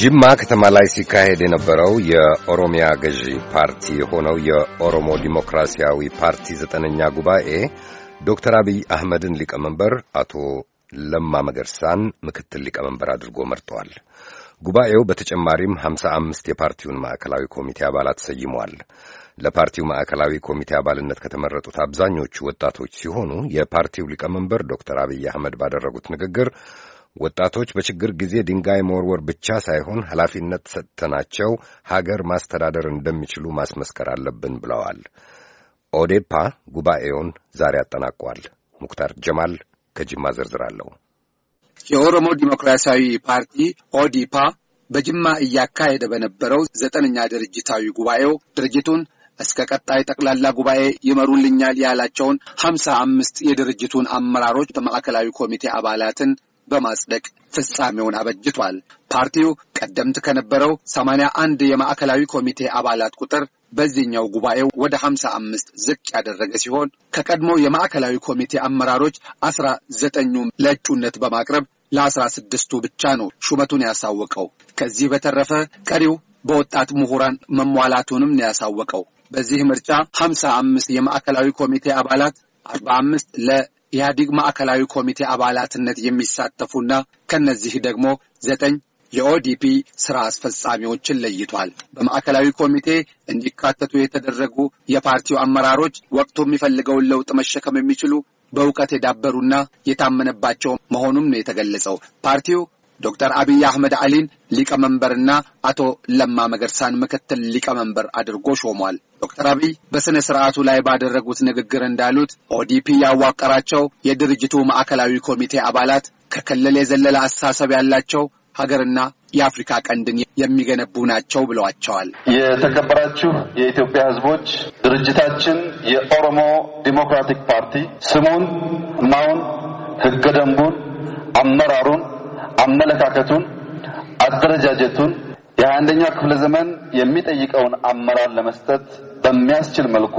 ጅማ ከተማ ላይ ሲካሄድ የነበረው የኦሮሚያ ገዢ ፓርቲ የሆነው የኦሮሞ ዲሞክራሲያዊ ፓርቲ ዘጠነኛ ጉባኤ ዶክተር አብይ አህመድን ሊቀመንበር፣ አቶ ለማ መገርሳን ምክትል ሊቀመንበር አድርጎ መርጠዋል። ጉባኤው በተጨማሪም ሀምሳ አምስት የፓርቲውን ማዕከላዊ ኮሚቴ አባላት ሰይሟል። ለፓርቲው ማዕከላዊ ኮሚቴ አባልነት ከተመረጡት አብዛኞቹ ወጣቶች ሲሆኑ የፓርቲው ሊቀመንበር ዶክተር አብይ አህመድ ባደረጉት ንግግር ወጣቶች በችግር ጊዜ ድንጋይ መወርወር ብቻ ሳይሆን ኃላፊነት ሰጥተናቸው ሀገር ማስተዳደር እንደሚችሉ ማስመስከር አለብን ብለዋል። ኦዴፓ ጉባኤውን ዛሬ አጠናቋል። ሙክታር ጀማል ከጅማ ዝርዝር አለው። የኦሮሞ ዲሞክራሲያዊ ፓርቲ ኦዲፓ በጅማ እያካሄደ በነበረው ዘጠነኛ ድርጅታዊ ጉባኤው ድርጅቱን እስከ ቀጣይ ጠቅላላ ጉባኤ ይመሩልኛል ያላቸውን ሀምሳ አምስት የድርጅቱን አመራሮች በማዕከላዊ ኮሚቴ አባላትን በማጽደቅ ፍጻሜውን አበጅቷል። ፓርቲው ቀደምት ከነበረው ሰማንያ አንድ የማዕከላዊ ኮሚቴ አባላት ቁጥር በዚህኛው ጉባኤው ወደ ሀምሳ አምስት ዝቅ ያደረገ ሲሆን ከቀድሞ የማዕከላዊ ኮሚቴ አመራሮች አስራ ዘጠኙም ለእጩነት በማቅረብ ለአስራ ስድስቱ ብቻ ነው ሹመቱን ያሳወቀው። ከዚህ በተረፈ ቀሪው በወጣት ምሁራን መሟላቱንም ነው ያሳወቀው። በዚህ ምርጫ ሀምሳ አምስት የማዕከላዊ ኮሚቴ አባላት አርባ አምስት ለኢህአዲግ ማዕከላዊ ኮሚቴ አባላትነት የሚሳተፉና ከነዚህ ደግሞ ዘጠኝ የኦዲፒ ስራ አስፈጻሚዎችን ለይቷል። በማዕከላዊ ኮሚቴ እንዲካተቱ የተደረጉ የፓርቲው አመራሮች ወቅቱ የሚፈልገውን ለውጥ መሸከም የሚችሉ በእውቀት የዳበሩና የታመነባቸው መሆኑም ነው የተገለጸው። ፓርቲው ዶክተር አብይ አህመድ አሊን ሊቀመንበርና አቶ ለማ መገርሳን ምክትል ሊቀመንበር አድርጎ ሾሟል። ዶክተር አብይ በሥነ ሥርዓቱ ላይ ባደረጉት ንግግር እንዳሉት ኦዲፒ ያዋቀራቸው የድርጅቱ ማዕከላዊ ኮሚቴ አባላት ከክልል የዘለለ አስተሳሰብ ያላቸው ሀገርና የአፍሪካ ቀንድን የሚገነቡ ናቸው ብለዋቸዋል። የተከበራችሁ የኢትዮጵያ ሕዝቦች ድርጅታችን የኦሮሞ ዲሞክራቲክ ፓርቲ ስሙን፣ ማውን፣ ህገ ደንቡን፣ አመራሩን፣ አመለካከቱን፣ አደረጃጀቱን የሀያ አንደኛው ክፍለ ዘመን የሚጠይቀውን አመራር ለመስጠት በሚያስችል መልኩ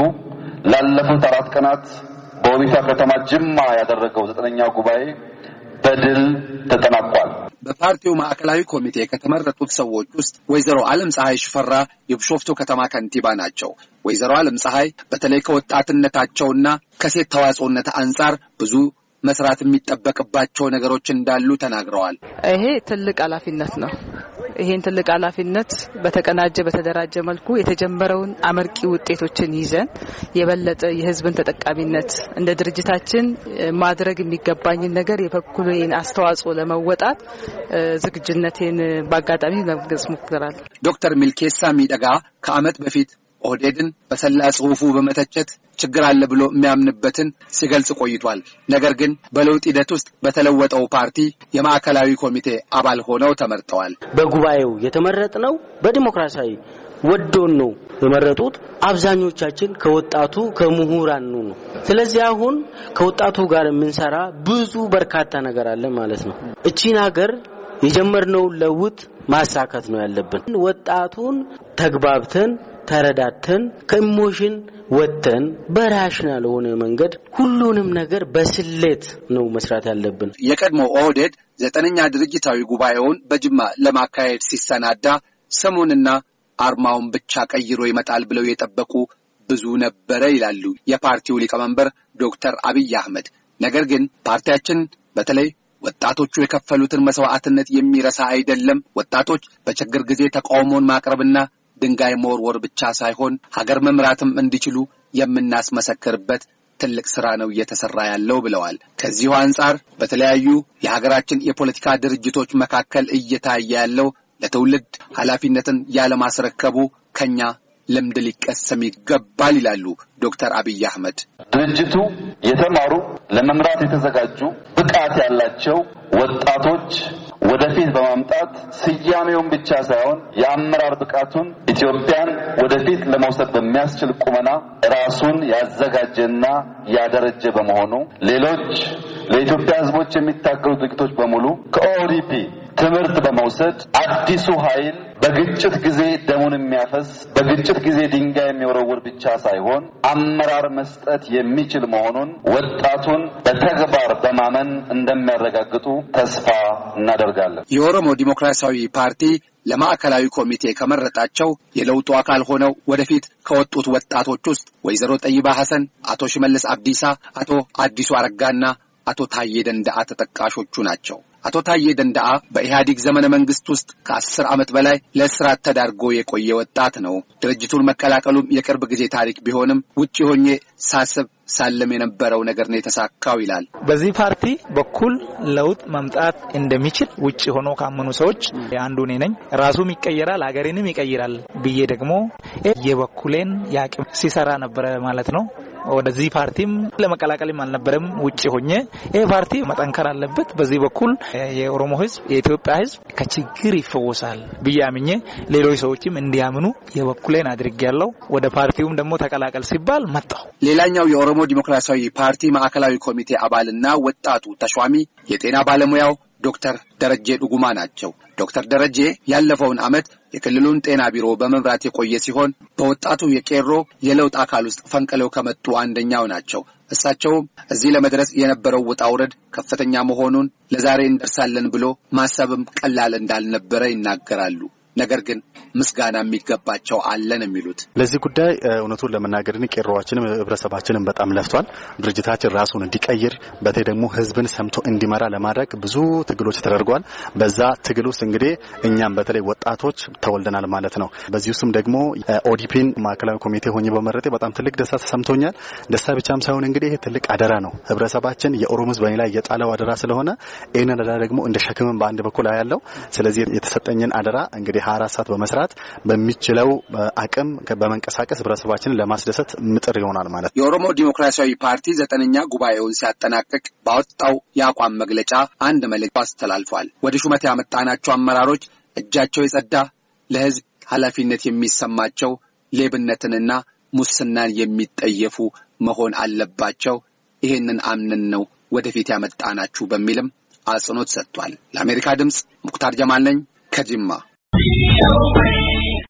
ላለፉት አራት ቀናት በወቢቷ ከተማ ጅማ ያደረገው ዘጠነኛው ጉባኤ በድል ተጠናቋል። በፓርቲው ማዕከላዊ ኮሚቴ ከተመረጡት ሰዎች ውስጥ ወይዘሮ አለም ፀሐይ ሽፈራ የብሾፍቶ ከተማ ከንቲባ ናቸው። ወይዘሮ አለም ፀሐይ በተለይ ከወጣትነታቸውና ከሴት ተዋጽኦነት አንጻር ብዙ መስራት የሚጠበቅባቸው ነገሮች እንዳሉ ተናግረዋል። ይሄ ትልቅ ኃላፊነት ነው። ይሄን ትልቅ ኃላፊነት በተቀናጀ በተደራጀ መልኩ የተጀመረውን አመርቂ ውጤቶችን ይዘን የበለጠ የህዝብን ተጠቃሚነት እንደ ድርጅታችን ማድረግ የሚገባኝን ነገር የበኩሌን አስተዋጽኦ ለመወጣት ዝግጅነቴን በአጋጣሚ መግለጽ ሞክራለሁ። ዶክተር ሚልኬሳ ሚደጋ ከአመት በፊት ኦህዴድን በሰላ ጽሁፉ በመተቸት ችግር አለ ብሎ የሚያምንበትን ሲገልጽ ቆይቷል። ነገር ግን በለውጥ ሂደት ውስጥ በተለወጠው ፓርቲ የማዕከላዊ ኮሚቴ አባል ሆነው ተመርጠዋል። በጉባኤው የተመረጥ ነው በዲሞክራሲያዊ ወዶን ነው የመረጡት። አብዛኞቻችን ከወጣቱ ከምሁራኑ ነው ነው። ስለዚህ አሁን ከወጣቱ ጋር የምንሰራ ብዙ በርካታ ነገር አለ ማለት ነው። እቺን ሀገር የጀመርነውን ለውጥ ማሳካት ነው ያለብን። ወጣቱን ተግባብተን ተረዳተን ከኢሞሽን ወጥተን በራሽናል ሆነ መንገድ ሁሉንም ነገር በስሌት ነው መስራት ያለብን። የቀድሞ ኦህዴድ ዘጠነኛ ድርጅታዊ ጉባኤውን በጅማ ለማካሄድ ሲሰናዳ ስሙንና አርማውን ብቻ ቀይሮ ይመጣል ብለው የጠበቁ ብዙ ነበረ ይላሉ የፓርቲው ሊቀመንበር ዶክተር አብይ አህመድ። ነገር ግን ፓርቲያችን በተለይ ወጣቶቹ የከፈሉትን መስዋዕትነት የሚረሳ አይደለም። ወጣቶች በችግር ጊዜ ተቃውሞን ማቅረብና ድንጋይ መወርወር ብቻ ሳይሆን ሀገር መምራትም እንዲችሉ የምናስመሰክርበት ትልቅ ስራ ነው እየተሰራ ያለው ብለዋል። ከዚሁ አንጻር በተለያዩ የሀገራችን የፖለቲካ ድርጅቶች መካከል እየታየ ያለው ለትውልድ ኃላፊነትን ያለማስረከቡ ከኛ ልምድ ሊቀሰም ይገባል ይላሉ ዶክተር አብይ አህመድ። ድርጅቱ የተማሩ ለመምራት የተዘጋጁ ብቃት ያላቸው ወጣቶች ወደፊት በማምጣት ስያሜውን ብቻ ሳይሆን የአመራር ብቃቱን ኢትዮጵያን ወደፊት ለመውሰድ በሚያስችል ቁመና ራሱን ያዘጋጀና ያደረጀ በመሆኑ ሌሎች ለኢትዮጵያ ህዝቦች የሚታገሉ ድርጅቶች በሙሉ ከኦዲፒ ትምህርት በመውሰድ አዲሱ ኃይል በግጭት ጊዜ ደሙን የሚያፈስ በግጭት ጊዜ ድንጋይ የሚወረውር ብቻ ሳይሆን አመራር መስጠት የሚችል መሆኑን ወጣቱን በተግባር በማመን እንደሚያረጋግጡ ተስፋ እናደርጋለን። የኦሮሞ ዲሞክራሲያዊ ፓርቲ ለማዕከላዊ ኮሚቴ ከመረጣቸው የለውጡ አካል ሆነው ወደፊት ከወጡት ወጣቶች ውስጥ ወይዘሮ ጠይባ ሐሰን፣ አቶ ሽመልስ አብዲሳ፣ አቶ አዲሱ አረጋና አቶ ታዬ ደንዳአ ተጠቃሾቹ ናቸው። አቶ ታዬ ደንዳአ በኢህአዲግ ዘመነ መንግስት ውስጥ ከአስር ዓመት በላይ ለእስራት ተዳርጎ የቆየ ወጣት ነው። ድርጅቱን መቀላቀሉም የቅርብ ጊዜ ታሪክ ቢሆንም ውጭ ሆኜ ሳስብ ሳለም የነበረው ነገር ነው የተሳካው ይላል። በዚህ ፓርቲ በኩል ለውጥ መምጣት እንደሚችል ውጭ ሆኖ ካመኑ ሰዎች አንዱ እኔ ነኝ። ራሱም ይቀይራል፣ ሀገሬንም ይቀይራል ብዬ ደግሞ የበኩሌን የአቅም ሲሰራ ነበረ ማለት ነው። ወደዚህ ፓርቲም ለመቀላቀልም አልነበረም ውጭ ሆኜ ይህ ፓርቲ መጠንከር አለበት። በዚህ በኩል የኦሮሞ ህዝብ፣ የኢትዮጵያ ህዝብ ከችግር ይፈወሳል ብዬ አምኜ ሌሎች ሰዎችም እንዲያምኑ የበኩሌን አድርግ ያለው ወደ ፓርቲውም ደግሞ ተቀላቀል ሲባል መጣሁ። ሌላኛው የኦሮሞ ዲሞክራሲያዊ ፓርቲ ማዕከላዊ ኮሚቴ አባልና ወጣቱ ተሿሚ የጤና ባለሙያው ዶክተር ደረጄ ዱጉማ ናቸው። ዶክተር ደረጄ ያለፈውን ዓመት የክልሉን ጤና ቢሮ በመምራት የቆየ ሲሆን በወጣቱ የቄሮ የለውጥ አካል ውስጥ ፈንቅለው ከመጡ አንደኛው ናቸው። እሳቸውም እዚህ ለመድረስ የነበረው ውጣ ውረድ ከፍተኛ መሆኑን ለዛሬ እንደርሳለን ብሎ ማሰብም ቀላል እንዳልነበረ ይናገራሉ። ነገር ግን ምስጋና የሚገባቸው አለን የሚሉት ለዚህ ጉዳይ እውነቱን ለመናገር ቄሮዋችንም ህብረተሰባችንም በጣም ለፍቷል። ድርጅታችን ራሱን እንዲቀይር በተለይ ደግሞ ህዝብን ሰምቶ እንዲመራ ለማድረግ ብዙ ትግሎች ተደርጓል። በዛ ትግል ውስጥ እንግዲህ እኛም በተለይ ወጣቶች ተወልደናል ማለት ነው። በዚህ ውስጥም ደግሞ ኦዲፒን ማዕከላዊ ኮሚቴ ሆኜ በመረጤ በጣም ትልቅ ደስታ ተሰምቶኛል። ደስታ ብቻም ሳይሆን እንግዲህ ይህ ትልቅ አደራ ነው። ህብረተሰባችን የኦሮሞ ህዝብ ላይ የጣለው አደራ ስለሆነ ይህንን አደራ ደግሞ እንደ ሸክምም በአንድ በኩል ያለው ስለዚህ የተሰጠኝን አደራ እንግዲህ 24 ሰዓት በመስራት በሚችለው አቅም በመንቀሳቀስ ህብረተሰባችንን ለማስደሰት ምጥር ይሆናል ማለት ነው። የኦሮሞ ዲሞክራሲያዊ ፓርቲ ዘጠነኛ ጉባኤውን ሲያጠናቅቅ ባወጣው የአቋም መግለጫ አንድ መልእክት አስተላልፏል። ወደ ሹመት ያመጣናቸው አመራሮች እጃቸው የጸዳ ለህዝብ ኃላፊነት የሚሰማቸው ሌብነትንና ሙስናን የሚጠየፉ መሆን አለባቸው። ይህንን አምነን ነው ወደፊት ያመጣናችሁ በሚልም አጽንኦት ሰጥቷል። ለአሜሪካ ድምፅ ሙክታር ጀማል ነኝ ከጅማ away.